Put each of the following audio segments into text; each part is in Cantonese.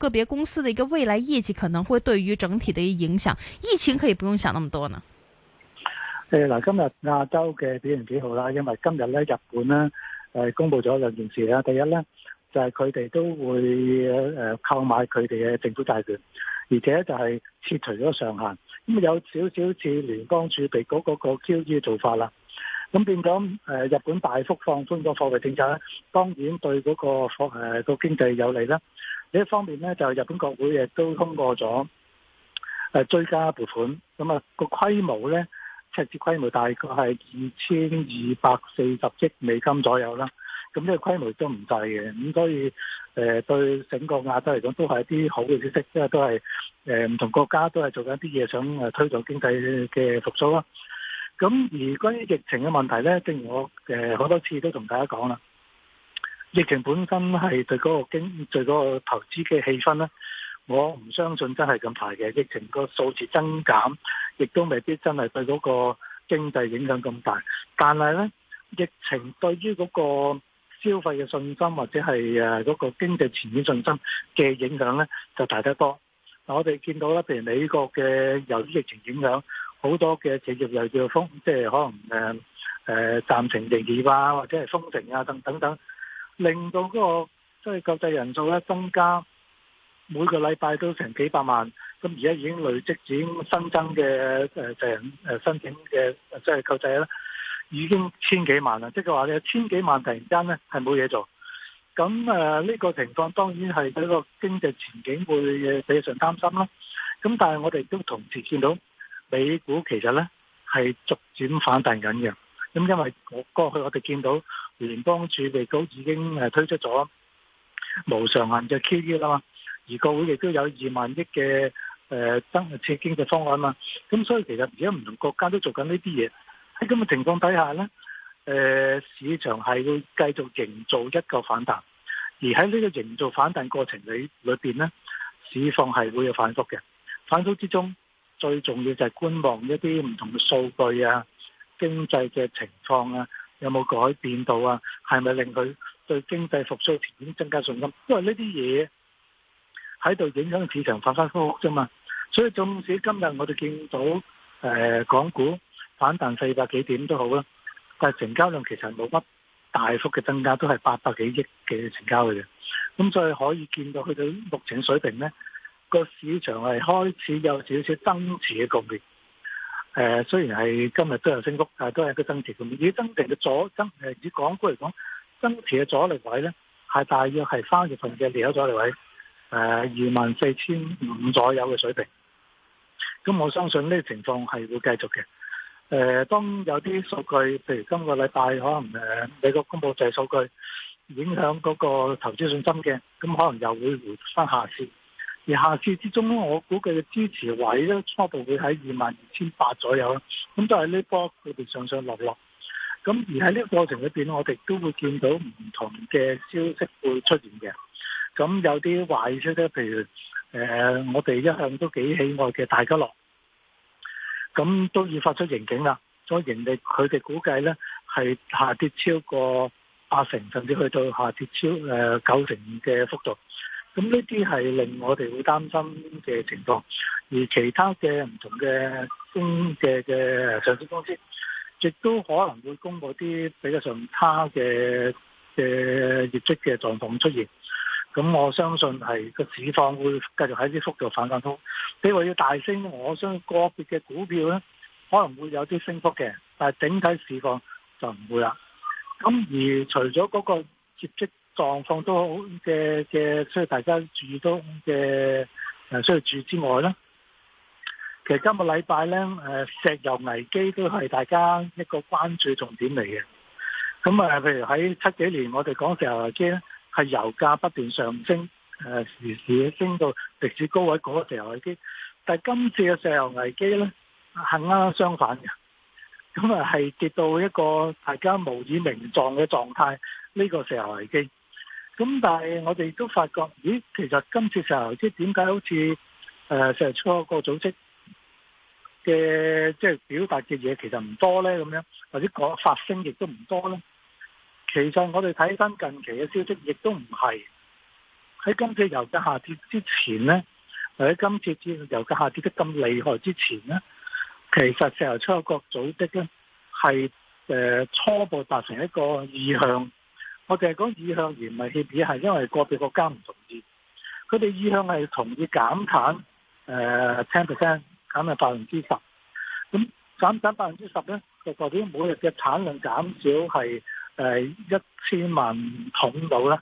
個別公司嘅一個未來業績可能會對於整體嘅影響，疫情可以不用想那麼多呢。誒嗱，今日亞洲嘅表現幾好啦，因為今日咧日本咧誒公布咗兩件事啦，第一咧就係佢哋都會誒購買佢哋嘅政府債券，而且就係撤除咗上限，咁有少少似聯邦儲備局嗰個 QE 做法啦。咁變咗誒日本大幅放寬個貨幣政策咧，當然對嗰、那個誒個、呃、經濟有利啦。呢一方面咧，就日本國會亦都通過咗追加撥款，咁、那、啊個規模咧，赤字規模大概係二千二百四十億美金左右啦。咁呢個規模都唔大嘅，咁所以誒對整個亞洲嚟講，都係一啲好嘅消息，因為都係誒唔同國家都係做緊一啲嘢，想推動經濟嘅復甦啦。咁而關於疫情嘅問題咧，正如我誒好多次都同大家講啦。疫情本身係對嗰個經對嗰個投資嘅氣氛咧，我唔相信真係咁大嘅疫情個數字增減，亦都未必真係對嗰個經濟影響咁大。但係咧，疫情對於嗰個消費嘅信心或者係誒嗰個經濟前景信心嘅影響咧，就大得多。我哋見到咧，譬如美國嘅由於疫情影響，好多嘅企業又要封，即係可能誒誒暫停營業啊，或者係封城啊，等等等。令到嗰、那個即係、就是、救濟人數咧增加，每個禮拜都成幾百萬，咁而家已經累積咗新增嘅、呃、申請嘅即係救濟咧，已經千幾萬啦。即係話你千幾萬突然間咧係冇嘢做，咁呢個情況當然係對個經濟前景會非常擔心啦。咁但係我哋都同時見到美股其實咧係逐漸反彈緊嘅。咁因為我過去我哋見到聯邦儲備局已經誒推出咗無上限嘅 QE 啦，而個會亦都有二萬億嘅誒增刺激經濟方案啊嘛。咁所以其實而家唔同國家都做緊呢啲嘢。喺咁嘅情況底下咧，誒市場係會繼續營造一個反彈，而喺呢個營造反彈過程裏裏邊咧，市況係會有反覆嘅。反覆之中，最重要就係觀望一啲唔同嘅數據啊。經濟嘅情況啊，有冇改變到啊？係咪令佢對經濟復甦條件增加信心？因為呢啲嘢喺度影響市場反反覆覆啫嘛。所以縱使今日我哋見到誒港股反彈四百幾點都好啦，但係成交量其實冇乜大幅嘅增加，都係八百幾億嘅成交嘅啫。咁所以可以見到去到目前水平咧，個市場係開始有少少增持嘅局面。誒，雖然係今日都有升幅，但係都係一個增持咁以增值嘅左增誒，以港股嚟講，增持嘅阻力位咧係大約係三月份嘅年尾阻力位誒二萬四千五左右嘅水平。咁我相信呢個情況係會繼續嘅。誒，當有啲數據，譬如今個禮拜可能誒美國公布就數，數據，影響嗰個投資信心嘅，咁可能又會回返下次而下次之中，我估計嘅支持位咧初步會喺二萬二千八左右啦。咁但係呢波佢哋上上落落，咁而喺呢個過程裏邊，我哋都會見到唔同嘅消息會出現嘅。咁有啲壞消息，譬如誒、呃，我哋一向都幾喜愛嘅大家樂，咁都要發出刑警啦。所以盈利佢哋估計咧係下跌超過八成，甚至去到下跌超誒九、呃、成嘅幅度。咁呢啲係令我哋會擔心嘅情況，而其他嘅唔同嘅公嘅嘅上市公司，亦都可能會公佈啲比較上差嘅嘅業績嘅狀況出現。咁我相信係個市況會繼續喺啲幅度反彈，你話要大升，我相信個別嘅股票咧可能會有啲升幅嘅，但係整體市況就唔會啦。咁而除咗嗰個業績，狀況都好嘅嘅，所以大家注意都嘅，誒需要注意之外咧，其實今個禮拜咧，誒石油危機都係大家一個關注重點嚟嘅。咁啊，譬如喺七幾年，我哋講石油危機咧，係油價不斷上升，誒時時升到歷史高位嗰個石油危機。但係今次嘅石油危機咧，係啱啱相反嘅。咁啊，係跌到一個大家無以名狀嘅狀態，呢個石油危機。咁但係我哋都發覺，咦,其實今次石油即係點解好似誒石油出口國組織嘅即係表達嘅嘢，其實唔多咧，咁樣或者講發聲亦都唔多咧。其實我哋睇翻近期嘅消息，亦都唔係喺今次油價下跌之前咧，或者今次石油價下跌得咁厲害之前咧，其實石油出口國組織咧係誒初步達成一個意向。我哋係講意向而唔係協議，係因為個別國家唔同意。佢哋意向係同意減產，誒 ten percent 減百分之十。咁減產百分之十咧，就代表每日嘅產量減少係誒一千萬桶度啦。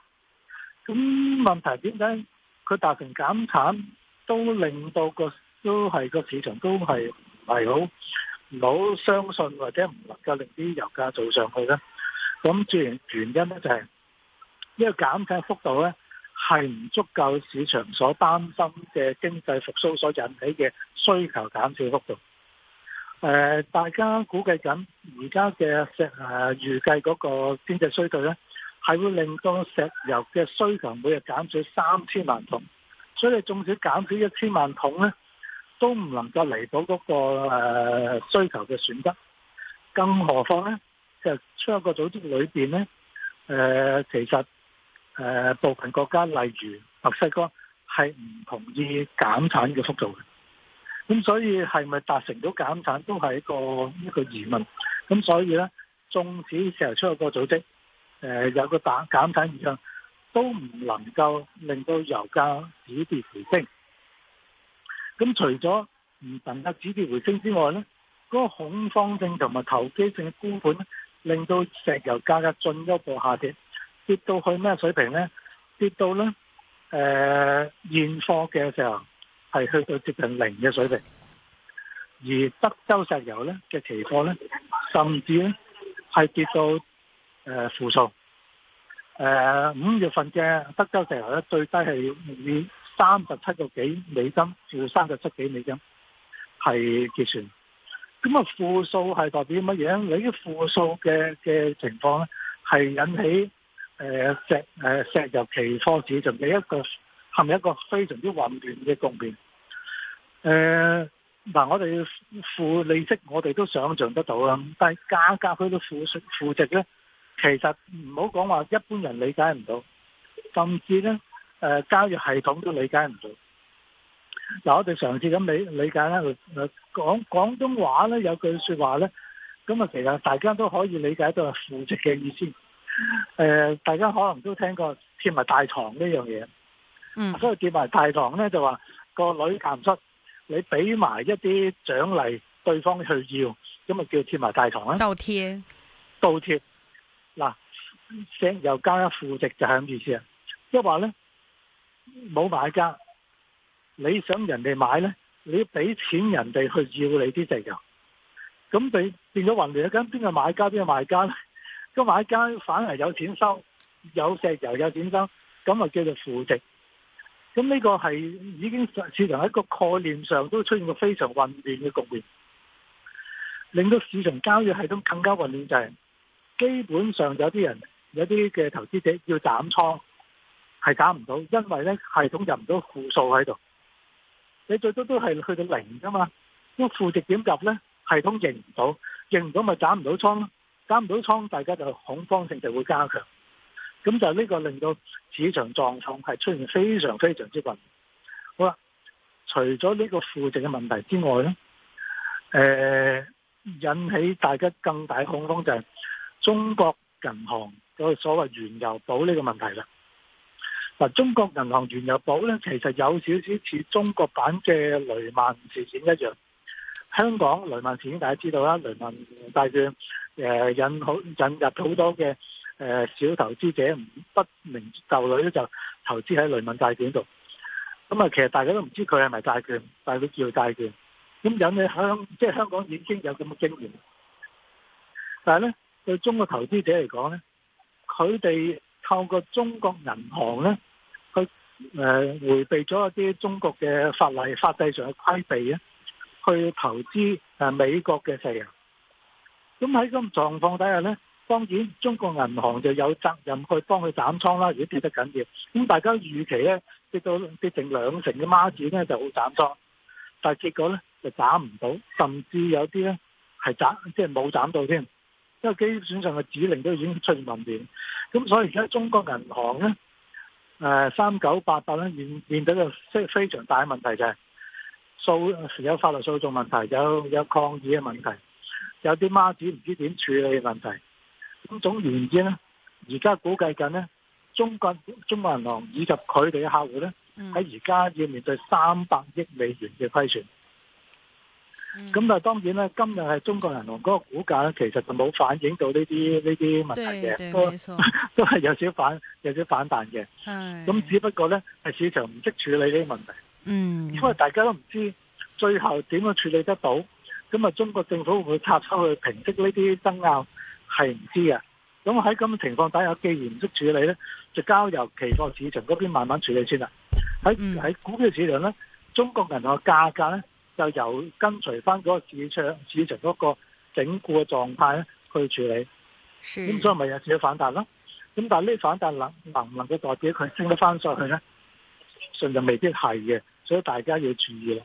咁問題點解佢達成減產都令到個都係個市場都係唔係好唔好相信或者唔能夠令啲油價做上去咧？咁自然原因咧就係，呢個減產幅度咧係唔足夠市場所擔心嘅經濟復甦所引起嘅需求減少幅度。誒，大家估計緊而家嘅石誒預計嗰個經濟衰退咧，係會令到石油嘅需求每日減少三千萬桶。所以，縱使減少一千萬桶咧，都唔能夠彌補嗰個誒需求嘅損失。更何況咧？出口個組織裏邊咧，誒，其實誒，部分國家例如墨西哥係唔同意減產嘅幅度嘅，咁所以係咪達成咗減產都係一個一個疑問。咁所以咧，縱使石油出口個組織，誒，有個打減產意向，都唔能夠令到油價止跌回升。咁除咗唔能夠止跌回升之外咧，嗰個恐慌性同埋投機性嘅沽盤咧。令到石油價格進一步下跌，跌到去咩水平咧？跌到咧，誒、呃，現貨嘅石油係去到接近零嘅水平，而德州石油咧嘅期貨咧，甚至咧係跌到誒負數。誒、呃呃，五月份嘅德州石油咧最低係以三十七個幾美金，至三十七幾美金係結算。咁啊，負數係代表乜嘢？你呢啲負數嘅嘅情況咧，係引起、呃、石石油期貨市場嘅一個係咪一個非常之混亂嘅局面？誒、呃、嗱，我哋負利息我哋都想像得到啦，但係價格去到負數負值咧，其實唔好講話一般人理解唔到，甚至咧、呃、交易系統都理解唔到。嗱，我哋嘗試咁理理解咧，講廣東話咧有句説話咧，咁啊其實大家都可以理解到係負值嘅意思。誒、呃，大家可能都聽過貼埋大堂呢樣嘢，嗯，所以貼埋大堂咧就話個女談出你俾埋一啲獎勵對方去要，咁啊叫貼埋大堂咧？倒貼，倒貼，嗱，即係又加一負值就係咁意思啊，即係話咧冇買家。你想人哋買呢？你要俾錢人哋去要你啲石油，咁你變咗混亂一間，邊個買家邊個賣家呢？咁買家反而有錢收，有石油有錢收，咁啊叫做負值。咁呢個係已經市場喺個概念上都出現過非常混亂嘅局面，令到市場交易系統更加混亂。就係、是、基本上有啲人有啲嘅投資者要斬倉，係斬唔到，因為呢系統入唔到負數喺度。你最多都係去到零噶嘛？咁負值點入咧？系統認唔到，認唔到咪斬唔到倉咯？斬唔到倉，大家就恐慌性就會加強。咁就呢個令到市場狀況係出現非常非常之混。好啦，除咗呢個負值嘅問題之外咧、呃，引起大家更大恐慌就係中國銀行嘅所謂原油寶呢個問題啦。嗱，中國銀行原油寶咧，其實有少少似中國版嘅雷曼事件一樣。香港雷曼事件大家知道啦，雷曼債券、呃、引好引入好多嘅，呃、小投資者唔不明就裡咧，就投資喺雷曼債券度。咁啊，其實大家都唔知佢係咪債券，但係佢叫做債券。咁引你香即係香港已經有咁嘅經驗，但係咧對中國投資者嚟講咧，佢哋透過中國銀行咧。誒，迴避咗一啲中國嘅法例、法制上嘅規避啊，去投資誒美國嘅石油。咁喺咁狀況底下咧，當然中國銀行就有責任去幫佢斬倉啦。如果跌得緊要，咁大家預期咧，跌到跌剩兩成嘅孖展咧，就好斬倉。但係結果咧就斬唔到，甚至有啲咧係斬即係冇斬到添，因為基本上嘅指令都已經出現問題。咁所以而家中國銀行咧。誒、呃，三九八八咧，面面對嘅非常大嘅問題就係、訴、有法律訴訟問題，有有抗議嘅問題，有啲媽子唔知點處理嘅問題。咁總言之咧，而家估計緊咧，中國中國銀行以及佢哋嘅客戶咧，喺而家要面對三百億美元嘅虧損。咁、嗯、但當然咧，今日係中國銀行嗰個股價咧，其實就冇反映到呢啲呢啲問題嘅，都都係有少反有少反彈嘅。咁只不過呢係市場唔識處理呢啲問題。嗯，因為大家都唔知最後點樣處理得到，咁啊，中國政府會唔會插手去平息呢啲爭拗係唔知嘅。咁喺咁嘅情況底下，既然唔識處理呢，就交由期貨市場嗰邊慢慢處理先啦。喺喺、嗯、股票市場呢，中國銀行嘅價格呢就由跟隨翻嗰個市場市場嗰個整固嘅狀態咧去處理，咁所以咪有少少反彈咯。咁但係呢反彈能能唔能夠代表佢升得翻上去咧？相信就未必係嘅，所以大家要注意啦。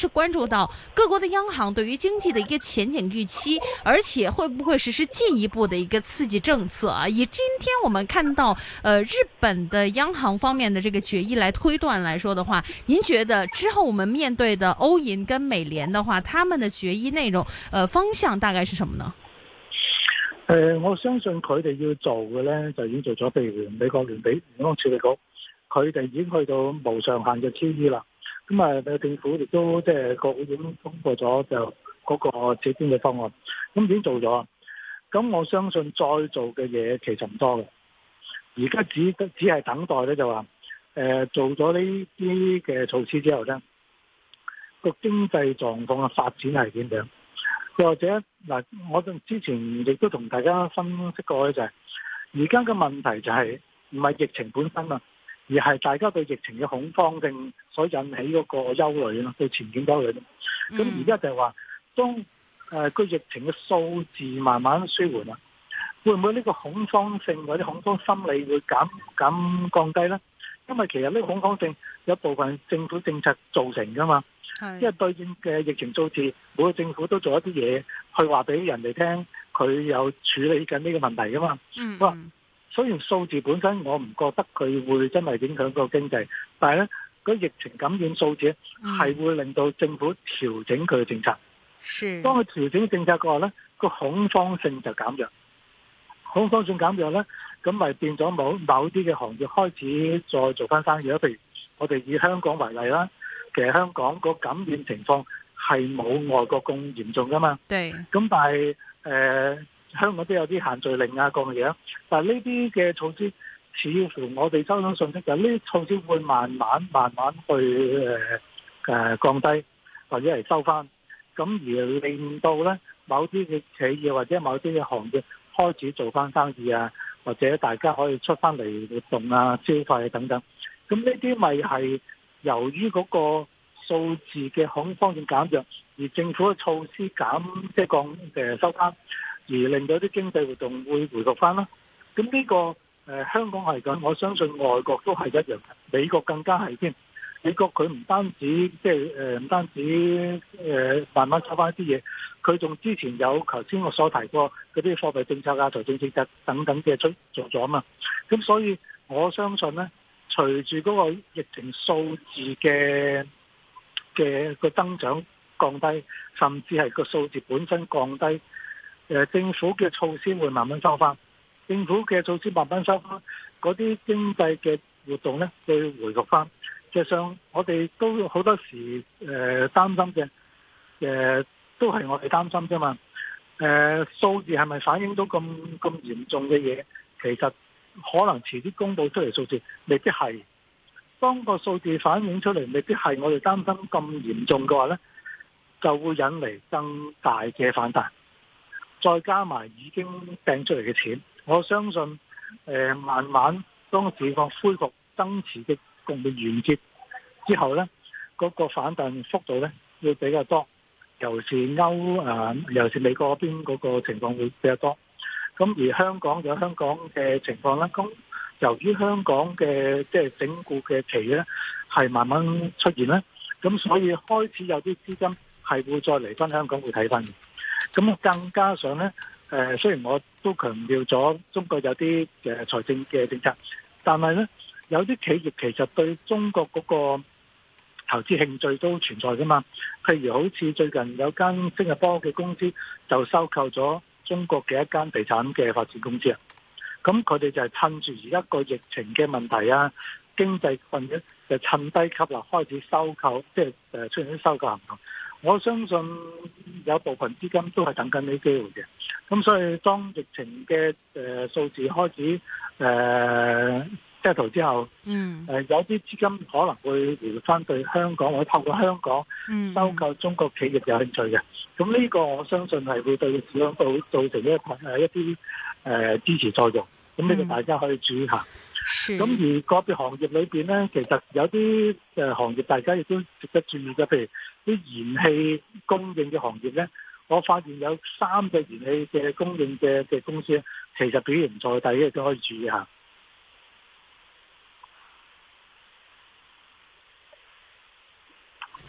字是關注到各國的央行對於經濟的一個前景預期，而且會不會實施進一步的一個刺激政策啊？以今天我們看到呃日本的央行方面的這個決議來推斷來說的話，您覺得之後我們面對的歐銀跟美聯的話，他們的決議內容呃方向大概是什麼呢？呃，我相信佢哋要做嘅呢，就已經做咗，譬如美國聯比聯邦儲備局，佢哋已經去到無上限嘅 QE 啦咁啊，政府亦都即係國務院公布咗就嗰個接招嘅方案，咁已經做咗。咁我相信再做嘅嘢其實唔多嘅，而家只得只係等待咧，就話誒做咗呢啲嘅措施之後咧，個經濟狀況嘅發展係點樣？或者嗱，我哋之前亦都同大家分析過咧，就是，就係而家嘅問題就係唔係疫情本身啊？而係大家對疫情嘅恐慌性所引起嗰個憂慮咯，對前景憂慮咁、嗯、而家就係話，當誒個、呃、疫情嘅數字慢慢舒緩啦，會唔會呢個恐慌性或者恐慌心理會減減降低咧？因為其實呢個恐慌性有部分政府政策造成噶嘛，係。因為對應嘅疫情數字，每個政府都做一啲嘢去話俾人哋聽，佢有處理緊呢個問題噶嘛。嗯，嗯。雖然數字本身我唔覺得佢會真係影響個經濟，但係咧個疫情感染數字係、嗯、會令到政府調整佢嘅政策。當佢調整政策嘅話咧，個恐慌性就減弱，恐慌性減弱咧，咁咪變咗某啲嘅行業開始再做翻生意啦。譬如我哋以香港為例啦，其實香港個感染情況係冇外國咁嚴重噶嘛。對。咁但係誒。呃香港都有啲限聚令啊，各樣嘢。但係呢啲嘅措施，似乎我哋收到信息就呢啲措施會慢慢慢慢去誒誒降低，或者係收翻，咁而令到咧某啲嘅企業或者某啲嘅行業開始做翻生意啊，或者大家可以出翻嚟活動啊、消費等等，咁呢啲咪係由於嗰個數字嘅恐慌性減弱，而政府嘅措施減即係、就是、降誒收翻。而令到啲經濟活動會回復翻啦，咁呢個、呃、香港係咁，我相信外國都係一樣，美國更加係添。美國佢唔單止即係唔單止誒、呃、慢慢收翻啲嘢，佢仲之前有頭先我所提過嗰啲貨幣政策啊、財政政策、啊、財政政策等等嘅出做咗嘛。咁所以我相信咧，隨住嗰個疫情數字嘅嘅個增長降低，甚至係個數字本身降低。誒，政府嘅措施會慢慢收翻，政府嘅措施慢慢收翻，嗰啲經濟嘅活動咧會回復翻。其實上我哋都好多時誒擔心嘅、呃，誒、呃、都係我哋擔心啫嘛。誒、呃、數字係咪反映到咁咁嚴重嘅嘢？其實可能遲啲公布出嚟數字未必係當個數字反映出嚟未必係我哋擔心咁嚴重嘅話咧，就會引嚟更大嘅反彈。再加埋已經掟出嚟嘅錢，我相信誒慢慢當個市況恢復增持嘅共振完結之後咧，嗰個反彈幅度咧會比較多，尤其是歐誒，尤其是美國嗰邊嗰個情況會比較多。咁而香港有香港嘅情況啦，咁由於香港嘅即係整固嘅期咧係慢慢出現啦，咁所以開始有啲資金係會再嚟翻香港會睇翻嘅。咁更加上咧，誒雖然我都強調咗中國有啲誒財政嘅政策，但係咧有啲企業其實對中國嗰個投資興趣都存在㗎嘛。譬如好似最近有間新加坡嘅公司就收購咗中國嘅一間地產嘅發展公司啊。咁佢哋就係趁住而家個疫情嘅問題啊，經濟困嘅就趁低級啦，開始收購，即係誒出現啲收購行動。我相信有部分資金都係等緊呢個機會嘅，咁所以當疫情嘅誒、呃、數字開始誒掉頭、呃、之後，誒、嗯呃、有啲資金可能會回翻對香港，或者透過香港收購中國企業有興趣嘅，咁、嗯、呢個我相信係會對港股造成一個誒一啲誒支持作用，咁呢個大家可以注意一下。咁、嗯、而個別行業裏邊咧，其實有啲誒行業，大家亦都值得注意嘅。譬如啲燃氣供應嘅行業咧，我發現有三隻燃氣嘅供應嘅嘅公司咧，其實表現在底亦都可以注意一下。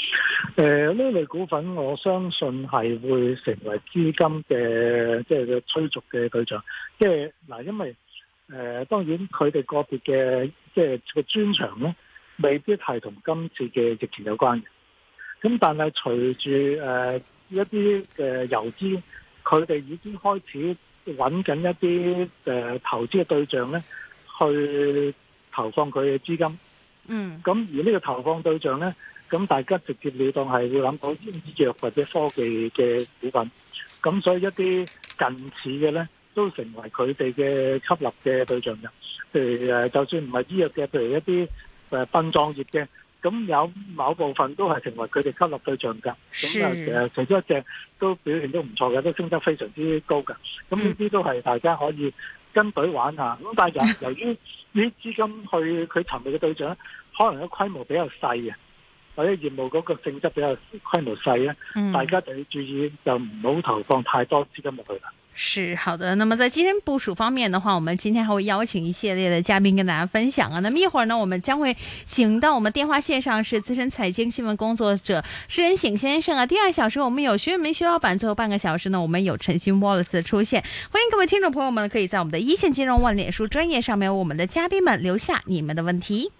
誒、呃，呢類股份，我相信係會成為資金嘅，即係嘅追逐嘅對象。即係嗱，因為誒、呃，當然佢哋個別嘅，即係嘅專長咧，未必係同今次嘅疫情有關嘅。咁但係隨住誒一啲嘅游資，佢哋已經開始揾緊一啲誒投資嘅對象咧，去投放佢嘅資金。嗯，咁而呢個投放對象咧。咁大家直接了當係會諗到啲醫藥或者科技嘅股份，咁所以一啲近似嘅咧，都成為佢哋嘅吸納嘅對象嘅。譬如誒，就算唔係醫藥嘅，譬如一啲誒殯葬業嘅，咁有某部分都係成為佢哋吸納對象嘅。咁啊，其實除咗一隻都表現都唔錯嘅，都升得非常之高嘅。咁呢啲都係大家可以跟隊玩下。咁但係由由於呢啲資金去佢尋覓嘅對象，可能個規模比較細嘅。或者業務嗰個性質比較規模細大家就要注意就唔好投放太多資金落去啦。是好的，那麼在基金部署方面的話，我們今天還會邀請一系列的嘉賓跟大家分享啊。那麼一會兒呢，我們將會請到我們電話線上是資深財經新聞工作者施人醒先生啊。第二小時我們有學岳梅薛老闆，最後半個小時呢，我們有陳新 w a l l 出現。歡迎各位聽眾朋友們可以在我們的一線金融萬臉書專業上面我們的嘉賓們留下你們的問題。